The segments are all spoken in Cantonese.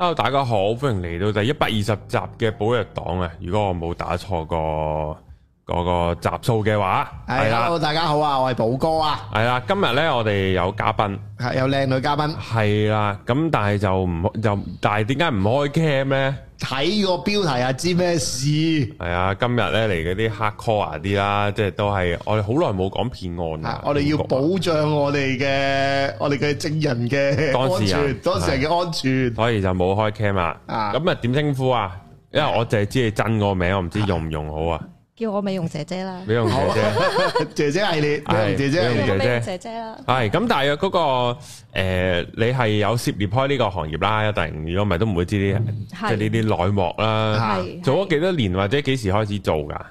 Hello，大家好，歡迎嚟到第一百二十集嘅寶藥黨啊！如果我冇打錯過嗰個集數嘅話，係啦，hello 大家好啊，我係寶哥啊，係啦，今日咧我哋有嘉賓，係有靚女嘉賓，係啦，咁但係就唔就，但係點解唔開 cam 咧？睇個標題啊，知咩事？係啊，今日咧嚟嗰啲黑 call 啊啲啦，即係都係我哋好耐冇講騙案啦。我哋、啊、要保障我哋嘅、嗯、我哋嘅證人嘅安全，當事、啊、人嘅安全。啊啊、所以就冇開 cam 啦。咁啊點稱呼啊？因為我淨係知你真個名，我唔知用唔用好啊。叫我美容姐姐啦，美容姐姐，姐姐系列，美容姐姐，美容姐姐啦。係咁，大約嗰個誒，你係有涉獵開呢個行業啦。一定。如果唔係，都唔會知呢啲即係呢啲內幕啦。係做咗幾多年或者幾時開始做噶？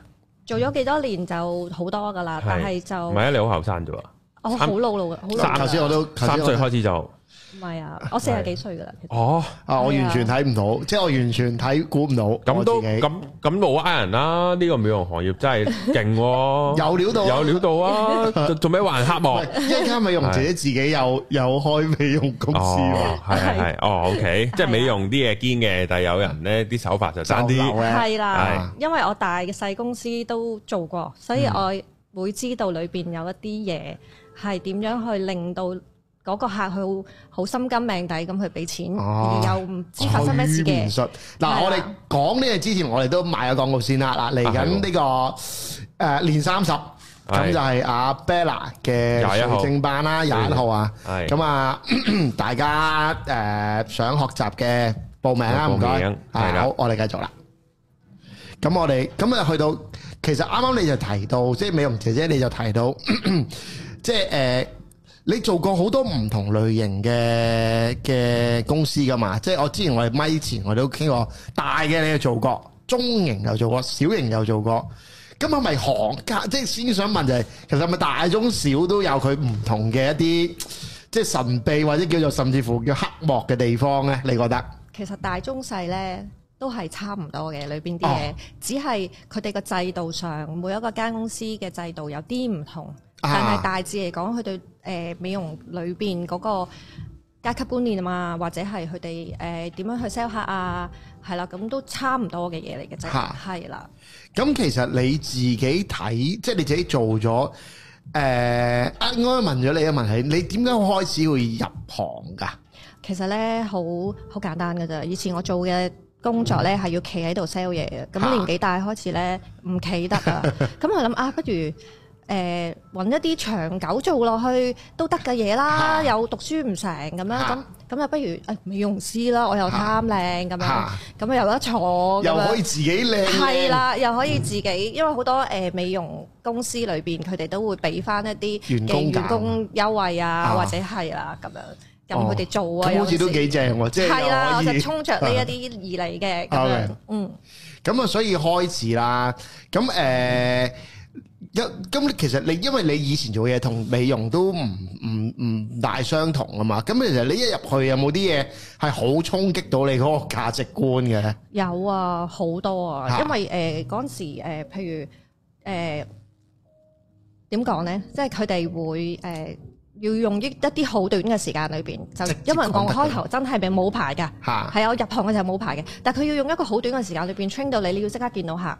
做咗幾多年就好多噶啦，但係就唔係啊！你好後生啫喎，我好老老噶，好三頭先我都三歲開始就。唔係啊，我四十幾歲噶啦。哦，啊，我完全睇唔到，即係我完全睇估唔到。咁都咁咁冇呃人啦，呢個美容行業真係勁。有料到，有料到啊！做咩還黑幕？一家美容姐自己有有開美容公司。哦，係係哦，OK，即係美容啲嘢堅嘅，但係有人咧啲手法就差啲。係啦，係，因為我大嘅細公司都做過，所以我會知道裏邊有一啲嘢係點樣去令到。嗰個客佢好心甘命抵咁去俾錢，又唔知發生咩事嘅。嗱，我哋講呢嘅之前，我哋都賣下廣告先啦。嗱，嚟緊呢個誒年三十，咁就係阿 Bella 嘅水晶班啦，廿一號啊。係咁啊，大家誒想學習嘅報名啦，唔該。係啦，好，我哋繼續啦。咁我哋咁啊去到，其實啱啱你就提到，即係美容姐姐你就提到，即係誒。你做過好多唔同類型嘅嘅公司噶嘛？即係我之前我哋咪前，我哋都傾過大嘅，你又做過，中型又做過，小型又做過。咁係咪行家，即係先想問就係、是，其實咪大中小都有佢唔同嘅一啲，即係神秘或者叫做甚至乎叫黑幕嘅地方咧？你覺得？其實大中細咧都係差唔多嘅，裏邊啲嘢只係佢哋個制度上每一個間公司嘅制度有啲唔同，啊、但係大致嚟講佢對。誒、呃、美容裏邊嗰個階級觀念啊嘛，或者係佢哋誒點樣去 sell 客啊，係啦，咁都差唔多嘅嘢嚟嘅啫，係啦。咁其實你自己睇，即係你自己做咗誒、呃啊，我問咗你嘅問題，你點解開始會入行噶？其實咧，好好簡單嘅咋。以前我做嘅工作咧，係要企喺度 sell 嘢嘅，咁年紀大開始咧，唔企得啊。咁我諗 啊，不如。誒揾一啲長久做落去都得嘅嘢啦，有讀書唔成咁樣，咁咁就不如誒美容師啦，我又貪靚咁樣，咁又得坐，又可以自己靚，係啦，又可以自己，因為好多誒美容公司裏邊佢哋都會俾翻一啲員工員工優惠啊，或者係啦咁樣，咁佢哋做啊，好似都幾正喎，即係係啦，我就衝着呢一啲而嚟嘅，咁樣嗯，咁啊，所以開始啦，咁誒。一咁，其實你因為你以前做嘢同美容都唔唔唔大相同啊嘛，咁其實你一入去有冇啲嘢係好衝擊到你嗰個價值觀嘅咧？有啊，好多啊，因為誒嗰陣時誒、呃，譬如誒點講咧，即係佢哋會誒、呃、要用一一啲好短嘅時間裏邊，就因為我開頭真係咪冇牌噶，係、啊、我入行嘅時候冇牌嘅，但係佢要用一個好短嘅時間裏邊 train 到你，你要即刻見到客。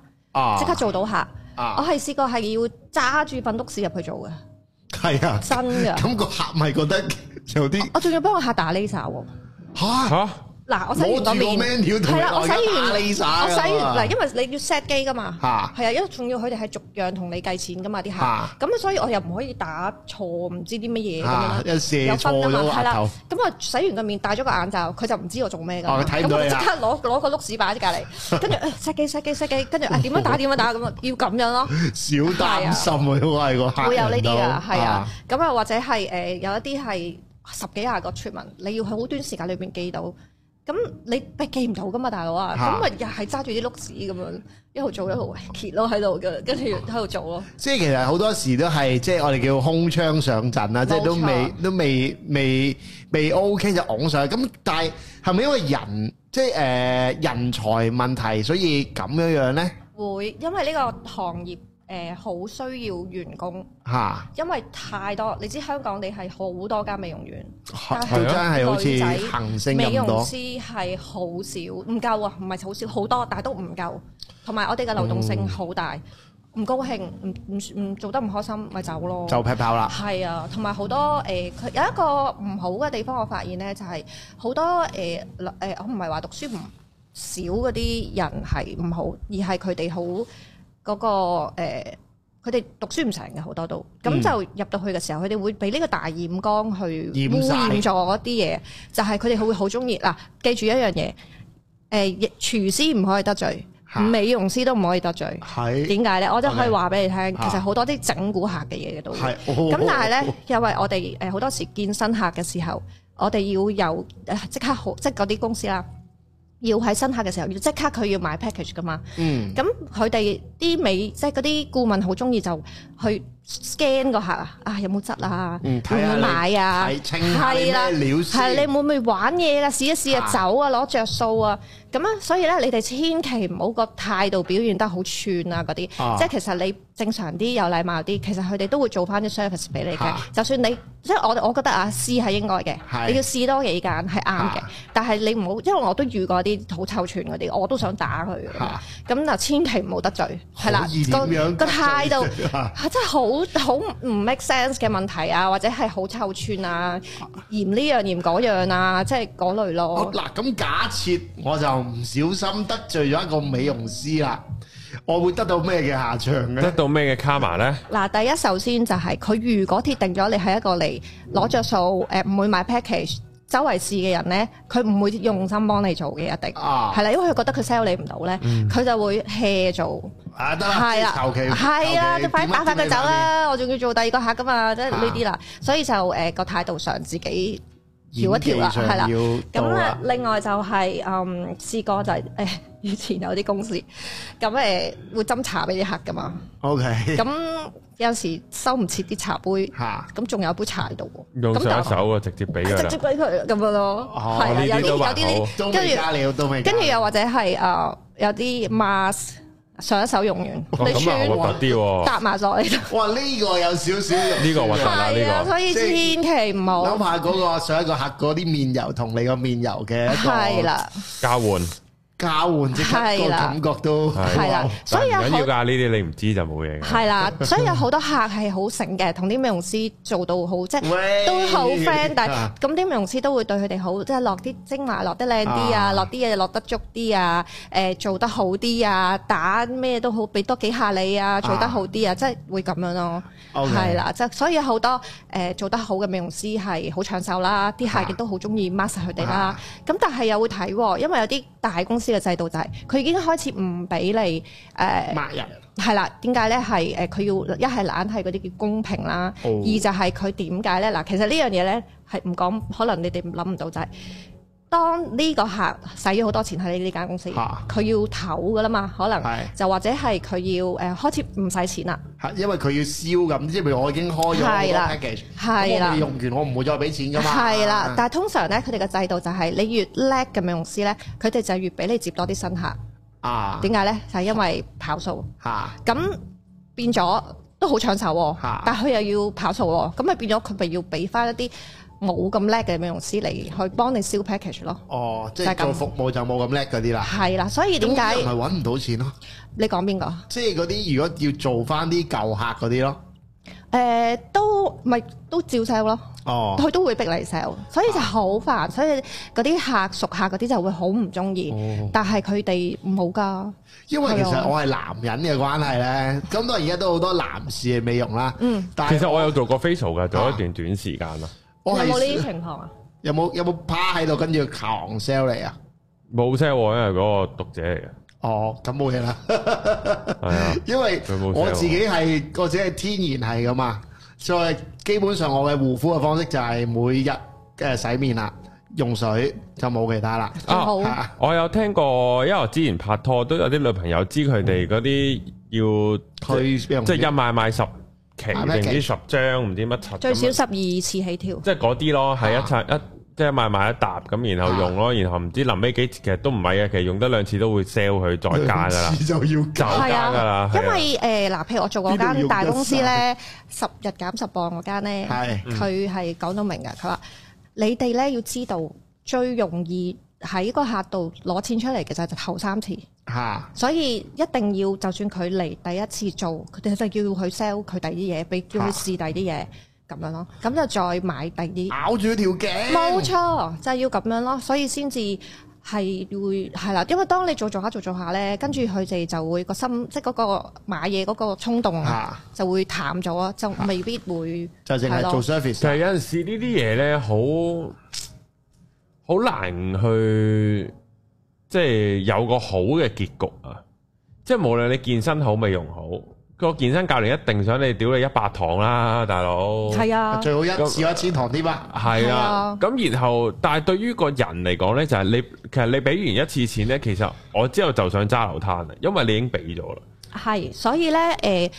即刻做到客，啊啊、我係試過係要揸住份督屎入去做嘅，係啊，真嘅的。咁 個客咪覺得有啲，我仲要幫個客打呢手。吓吓。嗱，我洗完個面，係啦，我洗完，我洗，完，嗱，因為你要 set 機噶嘛，係啊，因為仲要佢哋係逐樣同你計錢噶嘛啲客，咁所以我又唔可以打錯，唔知啲乜嘢咁啊，有分啊嘛，係啦，咁啊，洗完個面，戴咗個眼罩，佢就唔知我做咩噶嘛，咁我即刻攞攞個碌屎擺喺隔離，跟住 set 機 set 機 set 機，跟住啊點樣打點樣打，咁要咁樣咯，少擔心啊都係個客會有呢啲啊，係啊，咁啊或者係誒有一啲係十幾廿個 treatment，你要喺好短時間裏邊記到。咁你記唔到噶嘛，大佬啊！咁咪又係揸住啲碌子咁樣，一路做一路揭咯喺度嘅，跟住喺度做咯。即係其實好多時都係，即係我哋叫空槍上陣啦，即係都未都未未未 OK 就㧬上去。咁但係係咪因為人即係誒人才問題，所以咁樣樣咧？會因為呢個行業。誒好、呃、需要員工，嚇蛤，因為太多，你知香港你係好多間美容院，同樣係好似恆星咁多，美容師係好少，唔夠啊，唔係好少，好多，但係都唔夠。同埋我哋嘅流動性好大，唔、嗯、高興，唔唔唔做得唔開心，咪走咯，就劈炮啦。係啊，同埋好多誒，佢、呃、有一個唔好嘅地方，我發現咧就係好多誒誒，我唔係話讀書唔少嗰啲人係唔好，而係佢哋好。嗰、那個佢哋、呃、讀書唔成嘅好多都，咁就、嗯、入到去嘅時候，佢哋會俾呢個大染缸去污染咗啲嘢。了就係佢哋會好中意嗱，記住一樣嘢，誒、呃、廚師唔可以得罪，是美容師都唔可以得罪。點解咧？呢 okay，我都可以話俾你聽，是其實好多啲整蠱客嘅嘢嘅都，咁、哦、但係咧，哦哦、因為我哋誒好多時健身客嘅時候，我哋要有即刻好，即嗰啲公司啦。要喺新客嘅時候要即刻佢要買 package 㗎嘛，嗯，咁佢哋啲美即係嗰啲顧問好中意就去，scan 個客啊，啊有冇質啊？會唔會買啊？係啦，係你會唔會玩嘢啊？試一試啊，走啊，攞着數啊，咁啊，所以咧，你哋千祈唔好個態度表現得好串啊，嗰啲，即係其實你正常啲，有禮貌啲，其實佢哋都會做翻啲 service 俾你嘅。就算你即係我，我覺得啊，試係應該嘅，你要試多幾間係啱嘅。但係你唔好，因為我都遇過啲好臭串嗰啲，我都想打佢。咁就千祈唔好得罪，係啦，個個態度真係好。好好唔 make sense 嘅問題啊，或者係好臭串啊，嫌呢樣嫌嗰樣啊，即係嗰類咯。嗱，咁假設我就唔小心得罪咗一個美容師啦，我會得到咩嘅下場咧？得到咩嘅卡瑪咧？嗱、啊，第一首先就係、是、佢如果鐵定咗你係一個嚟攞着數，誒、呃、唔會買 package。周圍試嘅人咧，佢唔會用心幫你做嘅，一定，係啦、啊，因為佢覺得佢 sell 你唔到咧，佢、嗯、就會 hea 做，係啦、啊，求其，係啦，快打發佢走啦，我仲要做第二個客㗎嘛，即係呢啲啦，所以就誒個、呃啊、態度上自己，調一調啦，係啦。咁啊，另外就係，是，嗯，試過就係，是，誒、哎，以前有啲公司，咁、嗯、誒會斟茶俾啲客噶嘛。O Okay . K、嗯。咁有時收唔切啲茶杯，咁仲哈有杯茶喺度喎。用左手啊，直接俾啊。直接俾佢咁嘅咯。係，有啲有啲，跟住跟住又或者係，誒、呃，有啲 mask。上一手用完，哦、你穿㗎啲搭埋咗嚟。啊、 哇！呢、呢個有少少，呢 個核突啦，呢個、啊，所以千祈唔好。諗下嗰個上一個客嗰啲面油同你個面油嘅一個交、啊、換。交換啲感覺都係啦，所以緊要㗎呢啲，你唔知就冇嘢。係啦，所以有好多客係好醒嘅，同啲美容師做到好，即係都好 friend。但係咁啲美容師都會對佢哋好，即係落啲精華落得靚啲啊，落啲嘢落得足啲啊，誒做得好啲啊，打咩都好，俾多幾下你啊，做得好啲啊，即係會咁樣咯。係啦，即係所以有好多誒做得好嘅美容師係好搶手啦，啲客亦都好中意 mark 實佢哋啦。咁但係又會睇，因為有啲大公司。呢個制度就係、是、佢已經開始唔俾你誒，係、呃、啦，點解咧？係誒，佢要一係懶係嗰啲叫公平啦，哦、二就係佢點解咧？嗱，其實呢樣嘢咧係唔講，可能你哋諗唔到就係、是。當呢個客使咗好多錢喺呢呢間公司，佢哈要唞噶啦嘛，可能是就或者係佢要誒、呃、開始唔使錢啦，因為佢要燒咁，即係譬如我已經開咗個 package 用完的我唔會再俾錢噶嘛。係啦，但係通常咧，佢哋嘅制度就係、是、你越叻嘅美容師咧，佢哋就係越俾你接多啲新客。啊，點解咧？就係、是、因為跑數。嚇、啊！咁變咗都好搶手喎，但係佢又要跑數喎，咁咪、啊、變咗佢咪要俾翻一啲。冇咁叻嘅美容師嚟，去幫你 sell package 咯。哦，即係做服務就冇咁叻嗰啲啦。係啦，所以點解係搵唔到錢咯。你講邊個？即係嗰啲如果要做翻啲舊客嗰啲咯。誒，都唔係都照 sell 咯。哦，佢都會逼你 sell，所以就好煩。所以嗰啲客、熟客嗰啲就會好唔中意。但係佢哋唔好噶。因為其實我係男人嘅關係咧，咁當然而家都好多男士嘅美容啦。嗯。但係其實我有做過 facial 嘅，做一段短時間啊。有冇呢啲情況啊？有冇有冇趴喺度跟住狂 sell 你啊？冇 sell 喎，因為嗰個讀者嚟嘅。哦，咁冇嘢啦。因為我自己係或者係天然係㗎嘛，所以基本上我嘅護膚嘅方式就係每日嘅洗面啦，用水就冇其他啦。哦，我有聽過，因為我之前拍拖都有啲女朋友知佢哋嗰啲要即係即係一買買十。期定啲十張唔知乜七，最少十二次起跳。即係嗰啲咯，係、啊、一拆一，即係買買一沓咁，然後用咯，啊、然後唔知臨尾幾其實都唔係啊，其實用得兩次都會 sell 佢再加噶啦。就要夠啦。係啊，啊因為誒嗱，譬、呃、如我做嗰間大公司咧，十日減十磅嗰間咧，佢係講到明噶，佢話你哋咧要知道最容易喺個客度攞錢出嚟嘅就係頭三次。嚇！啊、所以一定要，就算佢嚟第一次做，佢哋就叫佢 sell 佢第二啲嘢，俾叫佢試第二啲嘢咁樣咯。咁就再買第二啲咬住條頸，冇錯，就係、係、要咁樣咯。所以先至係會係啦，因為當你做做下做做下咧，跟住佢哋就會、嗰個心，即係嗰個買嘢嗰個衝動就會淡咗，就未必會、啊、了就淨係做 service 了。就有陣時呢啲嘢咧，好好難去。即係有個好嘅結局啊！即係無論你健身好美容好，個健身教練一定想你屌你一百堂啦，大佬，係啊，最好一次一千堂啲啊，係啊。咁、啊、然後，但係對於個人嚟講呢，就係、是、你其實你俾完一次錢呢，其實我之後就想揸流攤啦，因為你已經俾咗啦。係所以呢，誒、呃，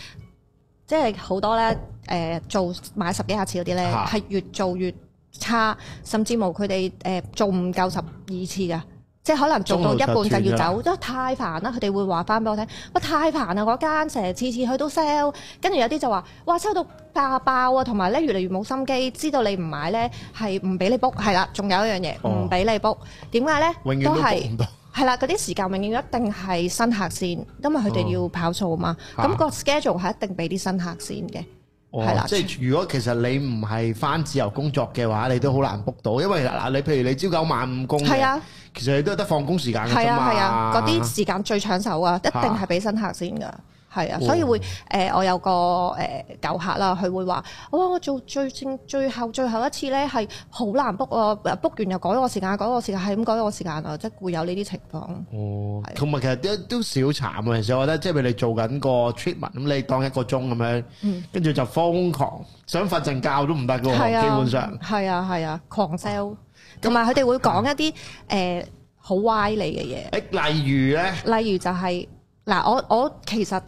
即係好多呢，誒、呃，做買十幾下次嗰啲呢，係、啊、越做越差，甚至乎佢哋誒做唔夠十二次噶。即係可能做到一半就要走，都太煩啦。佢哋會話翻俾我聽，哇，太煩啦！嗰間成日次次去都 sell，跟住有啲就話哇，抽到爆爆啊，同埋咧越嚟越冇心機，知道你唔買咧係唔俾你 book，係啦，仲有一樣嘢唔俾你 book，點解咧？呢永遠都 book 係啦，嗰啲是 時間永遠一定係新客先，因為佢哋要跑數嘛。咁、哦啊、個 schedule 係一定俾啲新客先嘅。係啦，哦、的即係如果其實你唔係返自由工作嘅話，你都好難 book 到，因為嗱，你譬如你朝九晚五工嘅，的其實你都有得放工時間。係啊係啊，嗰啲時間最搶手啊，一定係俾新客先㗎。係啊，所以會誒、呃，我有個誒、呃、舊客啦，佢會話：，哇、哦，我做最正，最後最後一次咧，係好難 book 喎，book 完又改我時間，改我時間，係咁改咗我時間啊，即係會有呢啲情況。哦，同埋的其實都都少慘嘅，其實我覺得，即係譬如你做緊個 treatment，咁你當一個鐘咁樣，跟住、嗯、就瘋狂想瞓陣覺都唔得嘅喎，的基本上。係啊，係啊，狂 sell，同埋佢哋會講一啲誒好歪理嘅嘢。誒，例如咧？例如就係、是、嗱，我我，我其實。其實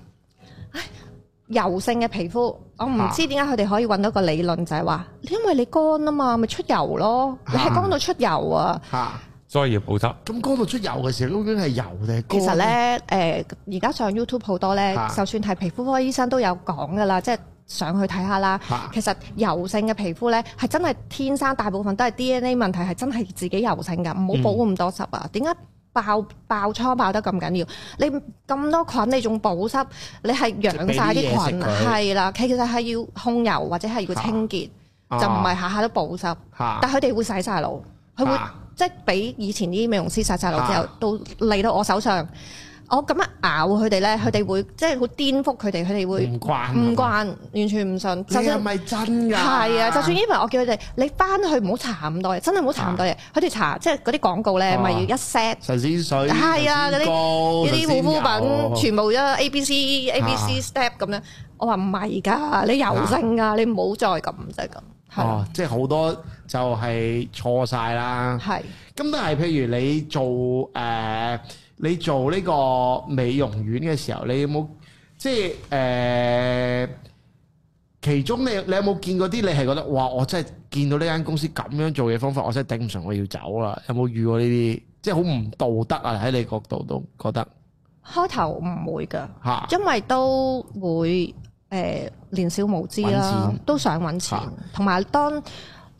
油性嘅皮膚，我唔知點解佢哋可以揾到個理論就係話，啊、因為你乾啊嘛，咪出油咯。啊、你係乾到出油啊，啊啊所以要補濕。咁乾到出油嘅時候，究竟係油定係乾？其實呢，誒而家上 YouTube 好多呢，啊、就算係皮膚科醫生都有講噶啦，即係上去睇下啦。啊、其實油性嘅皮膚呢，係真係天生大部分都係 DNA 問題，係真係自己油性㗎，唔好補咁多濕啊。點解？爆爆瘡爆得咁緊要，你咁多菌，你仲保濕，你係養晒啲菌。係啦，其實係要控油或者係要清潔，啊、就唔係下下都保濕。啊、但佢哋會洗晒腦，佢會、啊、即係畀以前啲美容師洗晒腦之後，啊、到嚟到我手上。我咁樣咬佢哋咧，佢哋會即係好顛覆佢哋，佢哋會唔慣，完全唔信。你係咪真㗎？係啊，就算因為我叫佢哋，你翻去唔好查咁多嘢，真係唔好查咁多嘢。佢哋查即係嗰啲廣告咧，咪要一 set 神仙水、係啊，啲，啲護膚品，全部一 A、B、C、A、B、C step 咁樣。我話唔係㗎，你油性㗎，你唔好再咁即係咁。哦，即係好多就係錯晒啦。係。咁都係，譬如你做誒。你做呢個美容院嘅時候，你有冇即係誒、呃？其中你你有冇見過啲你係覺得哇！我真係見到呢間公司咁樣做嘅方法，我真係頂唔順，我要走啦、啊！有冇遇過呢啲？即係好唔道德啊！喺你角度都覺得開頭唔會㗎，啊、因為都會誒年少無知啦，錢都想搵錢，同埋、啊、當。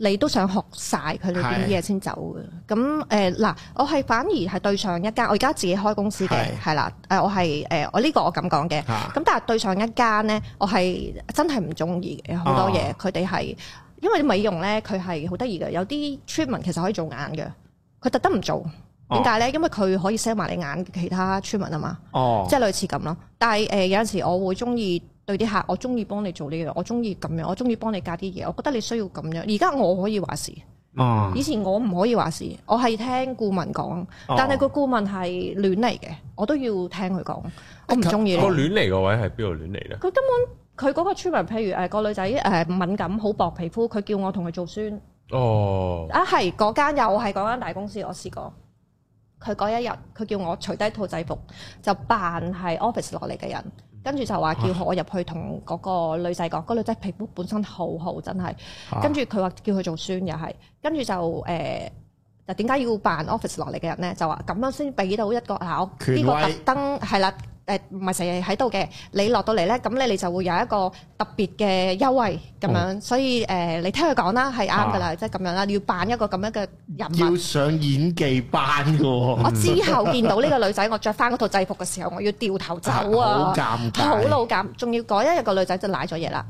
你都想學晒佢裏邊啲嘢先走嘅，咁誒嗱，我係反而係對上一間，我而家自己開公司嘅，係是啦，誒我係誒、呃、我呢個我咁講嘅，咁是但係對上一間咧，我係真係唔中意好多嘢，佢哋係因為啲美容咧，佢係好得意嘅，有啲 treatment 其實可以做眼嘅，佢特登唔做，點解咧？哦、因為佢可以 sell 埋你眼其他 treatment 啊嘛，即係、哦、類似咁咯。但係誒、呃、有陣時我會中意。對啲客，我中意幫你做呢樣，我中意咁樣，我中意幫你加啲嘢，我覺得你需要咁樣。而家我可以話事，哦、以前我唔可以話事，我係聽顧問講，哦、但係個顧問係亂嚟嘅，我都要聽佢講，哦、我唔中意。個亂嚟個位係邊度亂嚟嘅？佢根本佢嗰個 treatment，譬如誒、個女仔誒敏感，好薄皮膚，佢叫我同佢做酸。哦。啊，係嗰間又係嗰間大公司，我試過。佢嗰一日，佢叫我除低兔仔服，就扮係 office 落嚟嘅人。跟住就話叫我入去同嗰個女仔講，嗰、啊、女仔皮膚本身好好，真係、啊。跟住佢話叫佢做酸又係。跟住就誒，就點解要辦 office 落嚟嘅人咧？就話咁樣先俾到一個權，呢威、啊呢個特登係啦。誒唔係成日喺度嘅，你落到嚟咧，咁咧你就會有一個特別嘅優惠咁樣，哦、所以誒，你聽佢講啦，係啱噶啦，即係咁樣啦，要扮一個咁樣嘅人物，要上演技班嘅喎。 我之後見到呢個女仔，我着翻嗰套制服嘅時候，我要掉頭走啊，好尷尬，、啊、好老尷，仲要嗰一日個女仔就賴咗嘢啦，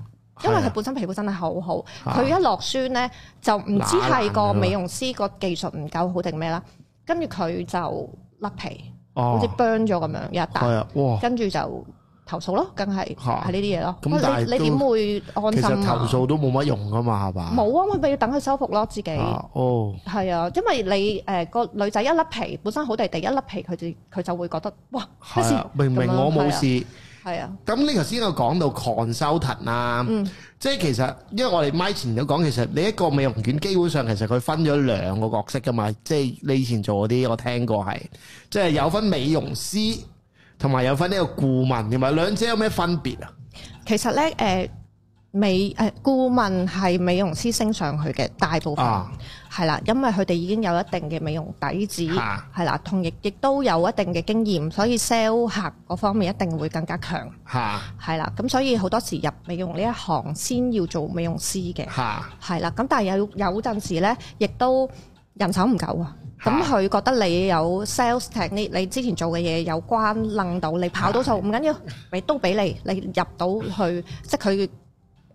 因為佢本身皮膚真係好好，佢是、啊、一落酸咧就唔知係個美容師個技術唔夠好定咩啦，跟住佢就甩皮。好似崩咗咁樣一打，跟住、啊、就投訴咯，梗係係呢啲嘢咯。咁但你點會安心、啊？其實投訴都冇乜用噶嘛，係嘛？冇啊，我咪要等佢修復咯，自己、啊。哦，係啊，因為你誒個、呃、女仔一粒皮，本身好地地，一粒皮佢就佢就會覺得，哇！係啊，明明我冇事、啊。係啊，咁呢頭先我講到 consultant 啦，即係、嗯、其實因為我哋麥前都講，其實你一個美容院基本上其實佢分咗兩個角色噶嘛，即係你以前做嗰啲我聽過係，即係有分美容師同埋有，有分呢個顧問，同埋兩者有咩分別啊？其實咧，誒、呃。美誒顧問係美容師升上去嘅，大部分係啦、啊，因為佢哋已經有一定嘅美容底子，係啦、啊，同亦亦都有一定嘅經驗，所以 sales 客嗰方面一定會更加強，係啦、啊。咁所以好多時入美容呢一行，先要做美容師嘅，係啦、啊。咁但係有有陣時咧，亦都人手唔夠啊。咁佢覺得你有 sales technique，你你之前做嘅嘢有關，掕到你跑到數唔緊要，咪、啊、都俾你，你入到去， 到去即係佢。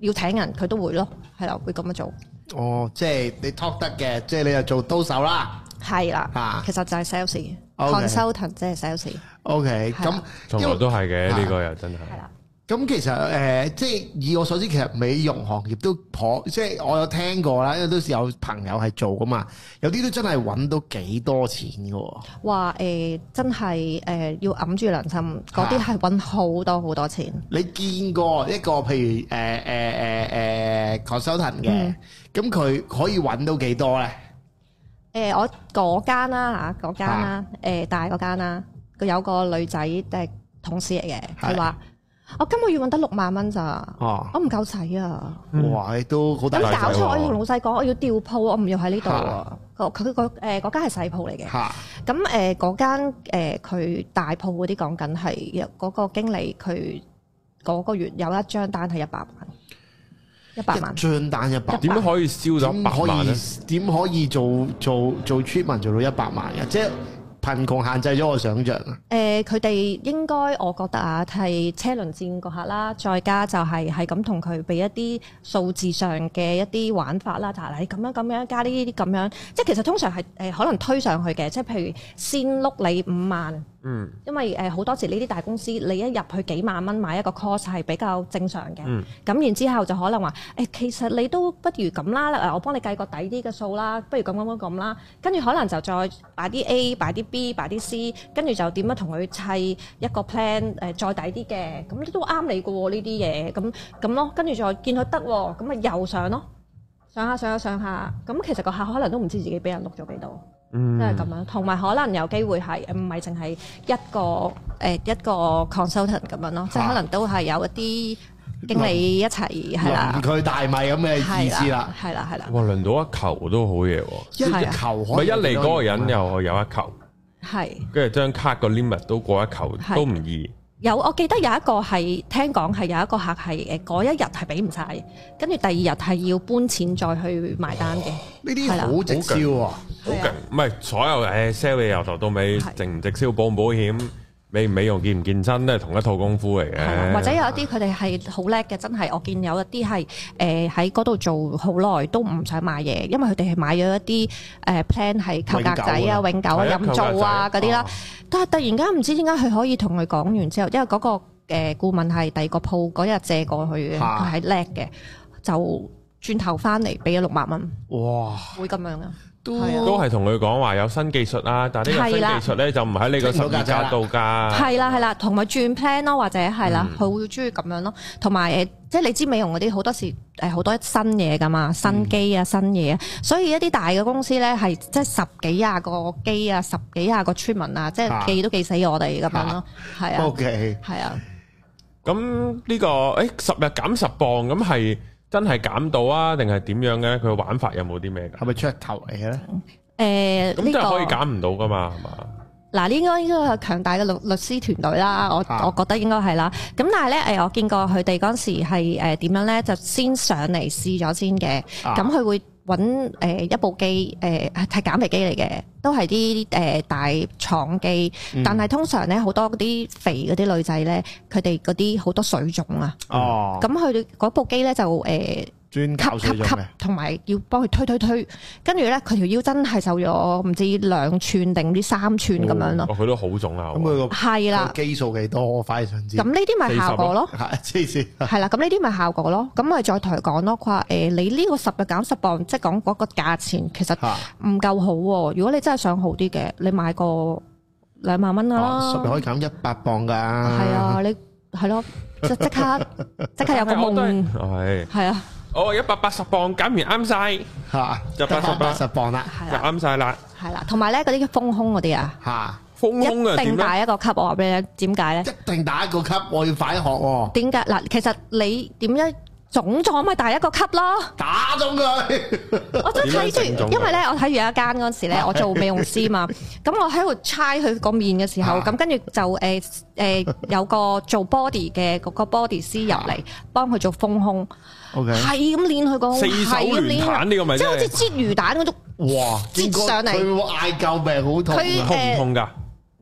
要請人佢都會咯，係啦，會咁樣做。哦，即係你 talk 得嘅，即係你又做刀手啦。係啦的，其實就係 sales，consultant，即係 sales。OK，咁從來都係嘅，呢的個又真係。咁其實誒，即係以我所知，其實美容行業都頗即係我有聽過啦，因為都係有朋友係做㗎嘛，有啲都真係揾到幾多錢㗎喎。話、呃、真係誒要揞住良心，嗰啲係揾好多好多錢，啊。你見過一個譬如誒誒誒誒 consultant 嘅，咁、呃、佢、呃呃呃嗯嗯、可以揾到幾多咧？誒、呃，我嗰間啦嚇，嗰間啦，誒、啊呃、大嗰間啦，佢有個女仔誒同事嚟嘅，佢話。嗯我今個月搵得六萬蚊咋？我唔夠使啊！啊嗯、哇，都好有搞錯我，我要同老細講，我要調鋪，我唔要喺呢度。個佢佢誒嗰間係細鋪嚟嘅。咁誒嗰間佢大鋪嗰啲講緊係，嗰、嗰個經理佢嗰個月有一張單係一百萬，一百萬。張單一百點樣可以燒到百萬咧？點可以做做做 treatment 做到一百萬？即係。貧窮限制咗我想像。誒、呃，佢哋應該，我覺得啊，係車輪戰嗰客啦，再加就係係咁同佢俾一啲數字上嘅一啲玩法啦，就係你咁樣咁樣加呢啲咁樣，即係其實通常係誒、呃、可能推上去嘅，即係譬如先碌你五萬。嗯，因為誒好、呃、多時呢啲大公司，你一入去幾萬蚊買一個 course 係比較正常嘅。咁、嗯、然之後就可能話，誒、欸、其實你都不如咁啦，我幫你計個抵啲嘅數啦，不如咁咁咁咁啦。跟住可能就再擺啲 A，擺啲 B，擺啲 C，跟住就點樣同佢砌一個 plan 誒、呃、再抵啲嘅，咁都啱你嘅喎呢啲嘢，咁咁咯。跟住再見佢得喎、哦，咁咪又上咯，上下上下上下。咁其實個客可能都唔知自己俾人碌咗幾多。即係咁樣，同埋可能有機會係唔係淨係一個誒一個 consultant 咁樣咯，即係可能都係有一啲經理一齊係啦，佢大咪咁嘅意思啦，係啦係啦。哇，輪到一球都好嘢喎，一球，咪一嚟嗰個人又有一球，係。跟住張卡個 limit 都過一球都唔易。有，我記得有一個係聽講係有一個客係，誒，嗰一日係俾唔晒，跟住第二日係要搬錢再去埋單嘅。呢啲係好直銷喎，好勁！唔係所有誒 sell 嘢由頭到尾，淨直唔直銷保唔保險？美唔美容健唔健身都係同一套功夫嚟嘅，或者有一啲佢哋係好叻嘅，真係我見有一啲係誒喺嗰度做好耐都唔想買嘢，因為佢哋係買咗一啲誒 plan 係求格仔啊、永久啊、任做啊嗰啲啦。但係突然間唔知點解佢可以同佢講完之後，因為嗰個誒顧問係第二個鋪嗰日借過去嘅，佢係叻嘅，就轉頭翻嚟俾咗六萬蚊。哇！會咁樣啊？都都係同佢講話有新技術啊，但係呢個新技術咧、啊、的就唔喺你個手二價度㗎。係啦係啦，同埋轉 plan 咯、啊，或者係啦，佢、嗯、會中意咁樣咯、啊。同埋誒，即係你知美容嗰啲好多時誒好多新嘢㗎嘛，新機啊，新嘢。所以一啲大嘅公司咧，係即係十幾廿個機啊，十幾廿個 treatment 啊，即係記都記死我哋咁樣咯。係啊，OK，係啊。咁呢、這個誒、欸、十日減十磅咁係。真係減到啊，定係點樣嘅？佢玩法有冇啲咩噶？係咪噱頭嚟嘅咧？誒，咁就係可以減唔到噶嘛，係嘛？嗱，呢個應該係強大嘅律律師團隊啦，我我覺得應該係啦。咁但係咧，誒，我見過佢哋嗰時係誒點樣咧，就先上嚟試咗先嘅，咁佢會。揾，誒、呃、一部機誒係、呃、減肥機嚟嘅，都係啲誒大廠機，但係通常咧好多啲肥嗰啲女仔咧，佢哋嗰啲好多水腫啊，哦，咁佢哋嗰部機咧就誒。呃吸同埋要幫佢推推推，跟住咧佢條腰真係瘦咗唔知兩寸定唔知三寸咁樣咯。哦，佢都好重啦，咁佢個係啦，基數幾多，我反而想知。咁呢啲咪效果咯？係了，黐線。係啦，咁呢啲咪效果咯？咁咪再抬講咯。佢話誒，你呢個十日減十磅，即係講嗰個價錢，其實唔夠好。如果你真係想好啲嘅，你買個兩萬蚊啦，十日、啊、可以減一百磅噶、啊。係啊，你係咯，即即刻即刻有個夢。係啊。對哦，一百八十磅減完啱晒。嚇，一百八十磅啦，就啱晒啦，係啦。同埋咧，嗰啲豐胸嗰啲啊嚇，豐胸啊，定大一個級我話俾你。點解咧？一定大一個級，我要快學喎。點解嗱？其實你點樣腫咗咪大一個級咯，打咗佢。我真係睇住，因為咧我睇住有一間嗰陣時咧，我做美容師啊嘛。咁我喺度猜佢個面嘅時候，咁跟住就誒誒有個做 body 嘅嗰個 body 師入嚟幫佢做豐胸。係咁練佢個四手彈，呢個問即係好似接魚蛋嗰種。哇！接上嚟，佢會嗌救命，好痛，痛唔痛噶？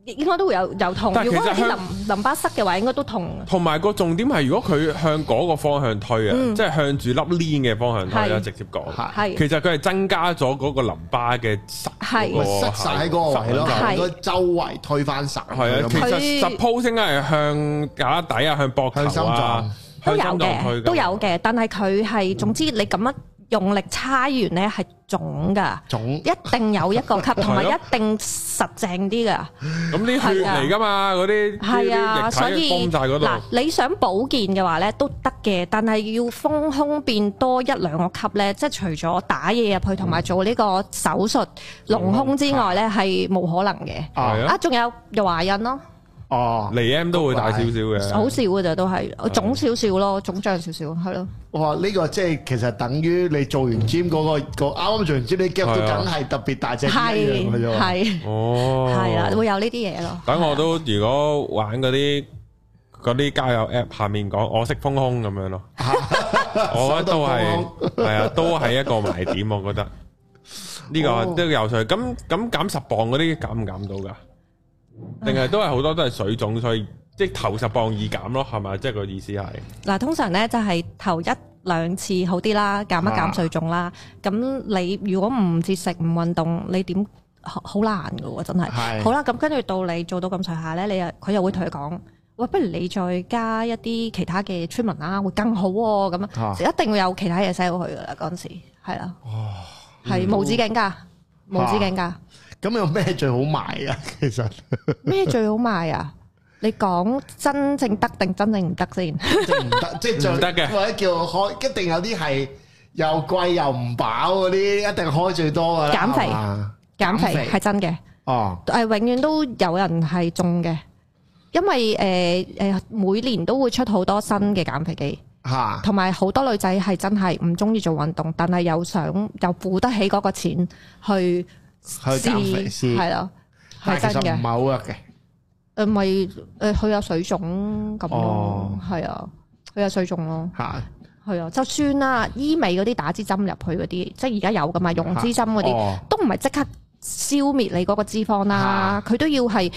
應該都會有有痛。但係如果喺淋淋巴塞嘅話，應該都痛。同埋個重點係，如果佢向嗰個方向推啊，即係向住粒鏈嘅方向，推啦直接講。其實佢係增加咗嗰個淋巴嘅塞，塞晒嗰個淋巴，應該周圍推翻晒。係啊，其實十鋪應該係向架底啊，向膊頭都有嘅，都有嘅，但係佢係，總之你咁樣用力差完咧，係腫噶，腫的一定有一個級，同埋 的一定實淨啲噶。咁啲血嚟噶嘛，嗰啲係啊，所以嗱，你想保健嘅話咧都得嘅，但係要豐胸變多一兩個級咧，即係除咗打嘢入去同埋做呢個手術隆、嗯、胸之外咧，係冇、嗯、的可能嘅。的啊，仲有又懷孕咯。哦，嚟 M 都會大少少嘅，好少嘅咋，都係腫少少咯，腫脹少少，係咯。哇，呢個即係其實等於你做完 gym 嗰個個啱啱做完 gym 啲 gap 都梗係特別大隻嘅咁樣嘅啫。係哦，係啦，會有呢啲嘢咯。等我都如果玩嗰啲嗰啲交友 app 下面講我識豐胸咁樣咯，我覺得都係係啊，都係一個賣點，我覺得呢個都有趣。咁咁減十磅嗰啲減唔減到㗎？定係都係好多都係水腫，所以即係頭十磅易減咯，係咪？即係個意思係。嗱、啊，通常咧就係、是、頭一兩次好啲啦，減一減水腫啦。咁、啊、你如果唔節食唔運動，你點好難噶，真係。是好啦，咁跟住到你做到咁上下咧，你又佢又會同你講，喂、嗯，不如你再加一啲其他嘅出文啦，會更好。咁啊，啊一定會有其他嘢 sell 落佢噶啦，嗰陣時係啦。哇、嗯！係無止境噶，無止境噶啊咁有咩最好賣啊？其實咩最好賣啊？你講真正得定真正唔得先？唔得即係做得嘅，或者叫開一定有啲係又貴又唔飽嗰啲，一定開最多噶啦。減肥，減肥係真嘅哦。誒，永遠都有人係種嘅，因為誒誒，每年都會出好多新嘅減肥機吓，同埋好多女仔係真係唔中意做運動，但係又想又付得起嗰個錢去。係暫時係啦，但係其實唔係好得嘅，誒咪誒佢有水腫咁咯，係啊、oh.，佢有水腫咯，係啊、oh.，就算啦，醫美嗰啲打支針入去嗰啲，即係而家有噶嘛，溶脂針嗰啲，oh. 都唔係即刻消滅你嗰個脂肪啦，佢、oh. 都要係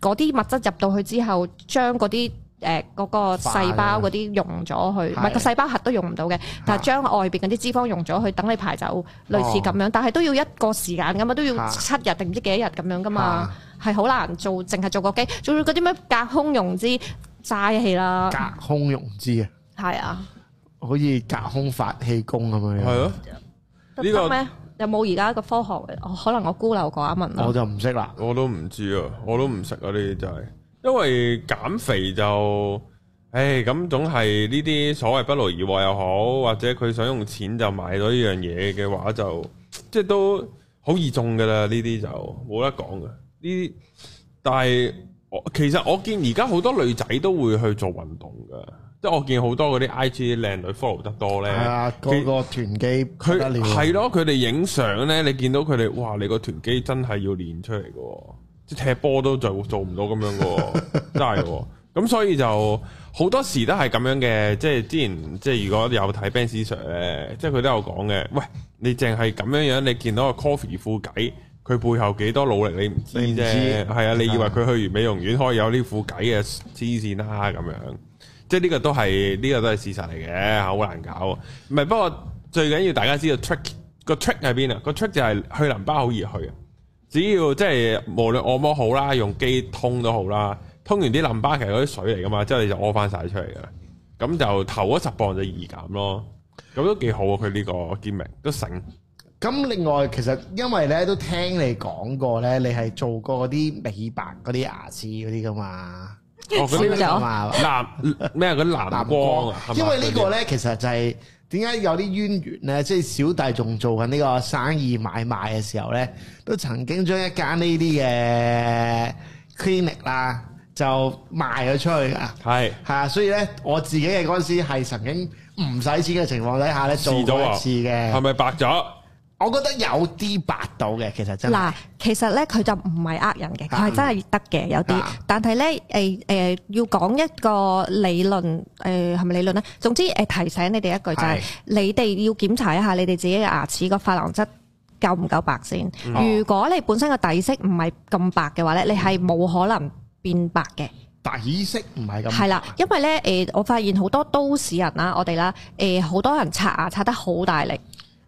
嗰啲物質入到去之後，將嗰啲。誒，呃，嗰個細胞嗰啲溶咗去，唔係個細胞核都用唔到嘅，但係將外邊嗰啲脂肪溶咗去，等你排走，類似咁樣。但係都要一個時間噶嘛，都要七日定唔知幾多日咁樣噶嘛，啊，係好難做，淨係做個機，做咗嗰啲咩隔空溶脂齋氣啦，隔空溶脂啊，係啊，好似隔空發氣功咁樣，係咯，呢個咩？有冇而家個科學？可能我孤陋寡聞咯，我就唔識啦，我都唔知啊，我都唔識啊，呢啲就係。因為減肥就，誒咁總係呢啲所謂不勞而獲又好，或者佢想用錢就買到呢樣嘢嘅話就，即就即係都好易中噶啦。呢啲就冇得講噶。呢啲，但係我其實我見而家好多女仔都會去做運動噶，即係我見好多嗰啲 IG 靚女 follow 得多咧，係啊的，實個個團肌佢係咯，佢哋影相咧，你見到佢哋哇，你個團肌真係要練出嚟噶。即踢波都做做唔到咁樣嘅、喔， 真係咁、喔、所以就好多時都係咁樣嘅。即係之前即係如果有睇 Ben Sir 咧，即係佢都有講嘅。喂，你淨係咁樣樣，你見到個 Coffee 副偈，佢背後幾多努力你唔知啫。係啊，你以為佢去完美容院可以有呢副偈嘅黐線啦咁樣。即係呢個都係呢、呢個都係事實嚟嘅，好難搞啊。唔係不過最緊要大家知道 trick 個 trick 喺邊啊？個 trick 就係去淋巴好易去啊！只要即係無論按摩好啦，用機通都好啦，通完啲淋巴，其實嗰啲水嚟噶嘛，之後你就屙翻晒出嚟噶啦，咁就頭嗰十磅就易減咯，咁都幾好啊，佢呢個肩明都醒。咁另外其實因為咧都聽你講過咧，你係做過啲美白嗰啲牙齒嗰啲噶嘛？哦，嗰啲叫藍咩啊？嗰啲藍光啊？ 藍光吧因為個呢個咧其實就係、是。點解有啲淵源咧？即係小弟仲做緊呢個生意買賣嘅時候咧，都曾經將一間呢啲嘅 clinic 啦、啊，就賣咗出去㗎。係是，嚇！所以咧，我自己嘅嗰陣時係曾經唔使錢嘅情況底下咧，做咗一次嘅。係咪白咗？我覺得有啲白到嘅，其實真嗱，其實咧佢就唔係呃人嘅，佢係真係得嘅有啲。但係咧，誒、呃、誒要講一個理論，誒係咪理論咧？總之誒、呃、提醒你哋一句是就係，你哋要檢查一下你哋自己嘅牙齒個琺瑯質夠唔夠白先。哦、如果你本身個底色唔係咁白嘅話咧，你係冇可能變白嘅、嗯。底色唔係咁白係啦，因為咧誒，我發現好多都市人啦，我哋啦誒，好、呃、多人刷牙刷得好大力。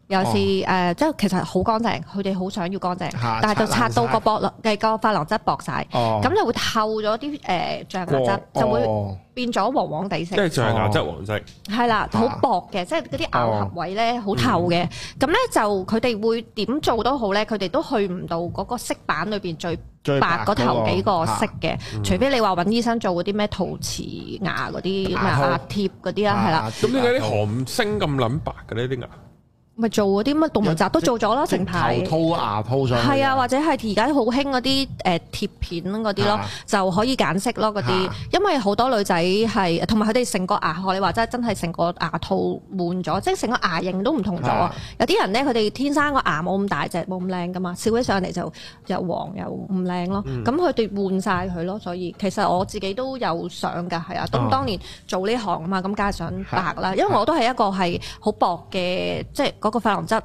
有時誒，即係其實好乾淨，佢哋好想要乾淨，但係就擦到個薄咯，係個琺瑯質薄曬，咁就會透咗啲誒象牙質，就會變咗黃黃地色，即係象牙質黃色。係啦，好薄嘅，即係嗰啲牙合位咧好透嘅，咁咧就佢哋會點做都好咧，佢哋都去唔到嗰個色板裏邊最最白嗰頭幾個色嘅，除非你話揾醫生做嗰啲咩陶瓷牙嗰啲牙貼嗰啲啦，係啦。咁點解啲韓星咁撚白嘅咧啲牙？咪做嗰啲乜動物宅都做咗咯，成即排牙套牙套上，係啊，或者係而家好興嗰啲誒貼片嗰啲咯，啊、就可以揀色咯嗰啲、啊，因為好多女仔係同埋佢哋成個牙，你話真係真係成個牙套換咗，即係成個牙形都唔同咗、啊、有啲人咧佢哋天生個牙冇咁大隻，冇咁靚噶嘛，笑起上嚟就又黃又唔靚咯。咁佢哋換晒佢咯，所以其實我自己都有想㗎，係啊，咁當年做呢行啊嘛，咁梗係想白啦，因為我都係一個係好薄嘅，即係。即嗰個琺瑯質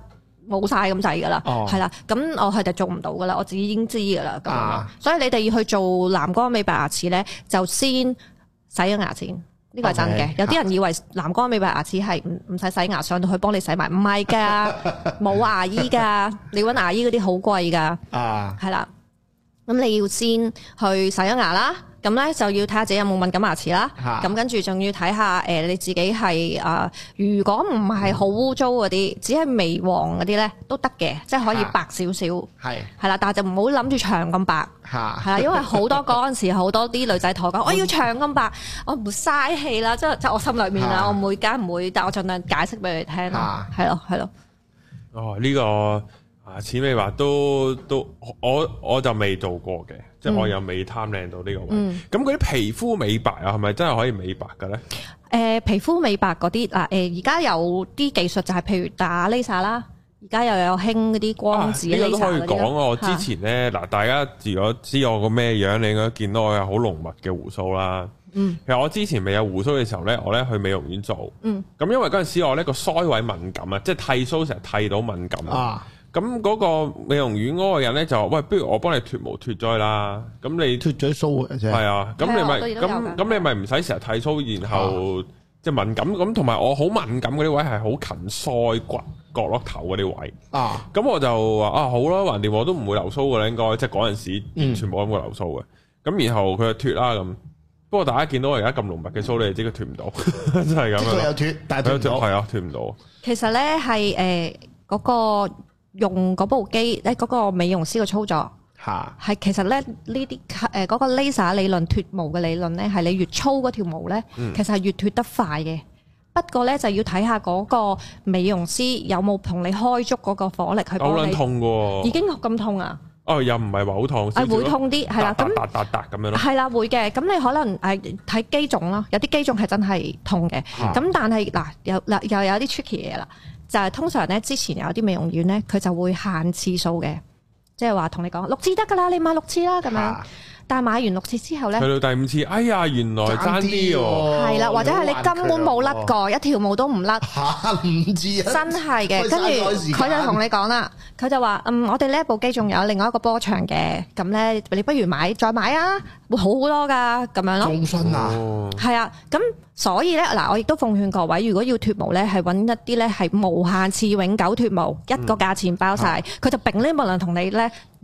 冇晒咁滯噶啦，係啦、哦，咁我係就做唔到噶啦，我自己已經知噶啦，咁、啊、所以你哋要去做藍光美白牙齒咧，就先洗咗牙齒，呢、呢個係真嘅。啊、有啲人以為藍光美白牙齒係唔唔使洗牙，上到去幫你洗埋，唔係㗎，冇、啊、牙醫㗎，你搵牙醫嗰啲好貴㗎，啊，係啦，咁你要先去洗咗牙啦。咁咧就要睇下自己有冇敏感牙齒啦。咁跟住仲要睇下誒你自己係啊，如果唔係好污糟嗰啲，只係微黃嗰啲咧，都得嘅，即係可以白少少。係係啦，但係就唔好諗住長咁白。係啊，因為好多嗰陣時好多啲女仔同我講，我要長咁白，我唔嘥氣啦，即係即係我心裏面啦，我唔會，梗唔會，但我盡量解釋俾你聽咯。係咯，係咯。哦，呢個啊，似你話都都，我我就未做過嘅。即係我又未貪靚到呢個位，咁嗰啲皮膚美白啊，係咪真係可以美白嘅咧？誒，皮膚美白嗰啲嗱，誒而家有啲技術就係譬如打 Laser 啦，而家又有興嗰啲光子 Laser 嗰啲，你都可以講我之前咧嗱，大家如果知我個咩樣，你應該見到我有好濃密嘅鬍鬚啦。嗯。其實我之前未有鬍鬚嘅時候咧，我咧去美容院做。嗯。咁因為嗰陣時我呢個腮位敏感啊，即係剃鬚成日剃到敏感啊。咁嗰個美容院嗰個人咧就，喂，不如我幫你脱毛脱腮啦。咁你脱咗鬚啫。係啊，咁你咪咁咁你咪唔使成日剃鬚，然後、啊、即係敏感咁。同埋我好敏感嗰啲位係好近腮骨角落頭嗰啲位啊我就。啊，咁我就啊好啦，橫掂我都唔會留鬚嘅咧，應該即係嗰陣時完全冇諗過留鬚嘅。咁、嗯、然後佢就脱啦咁。不過大家見到我而家咁濃密嘅鬚，你哋知佢脱唔到，真係咁啊！有脱，但係脱係啊，脱唔到。其實咧係誒嗰個。用嗰部機咧，嗰個美容師嘅操作，係其實咧呢啲誒嗰個 laser 理論脱毛嘅理論咧，係你越粗嗰條毛咧，其實係越脱得快嘅。不過咧就要睇下嗰個美容師有冇同你開足嗰個火力去幫你。好痛喎，已經咁痛啊！哦，又唔係話好痛，係會痛啲，係啦，咁。嗒嗒嗒咁樣咯。係啦，會嘅。咁你可能誒睇機種咯，有啲機種係真係痛嘅。咁但係嗱，又嗱又有啲 tricky 嘢啦。就係通常咧，之前有啲美容院咧，佢就會限次數嘅，即係話同你講六次得㗎喇，你買六次啦咁樣。啊。但係買完六次之後咧，去到第五次，哎呀，原來差啲喎，係啦，或者係你根本冇甩過，一條毛都唔甩，吓，唔知啊，真係嘅，跟住佢就同你講啦，佢就話嗯，我哋呢一部機仲有另外一個波長嘅，咁咧你不如買再買啊，會好好多噶，咁樣咯，更新啊，係啊，咁所以咧嗱，我亦都奉勸各位，如果要脱毛咧，係揾一啲咧係無限次永久脱毛，一個價錢包曬，佢就並呢冇能同你咧。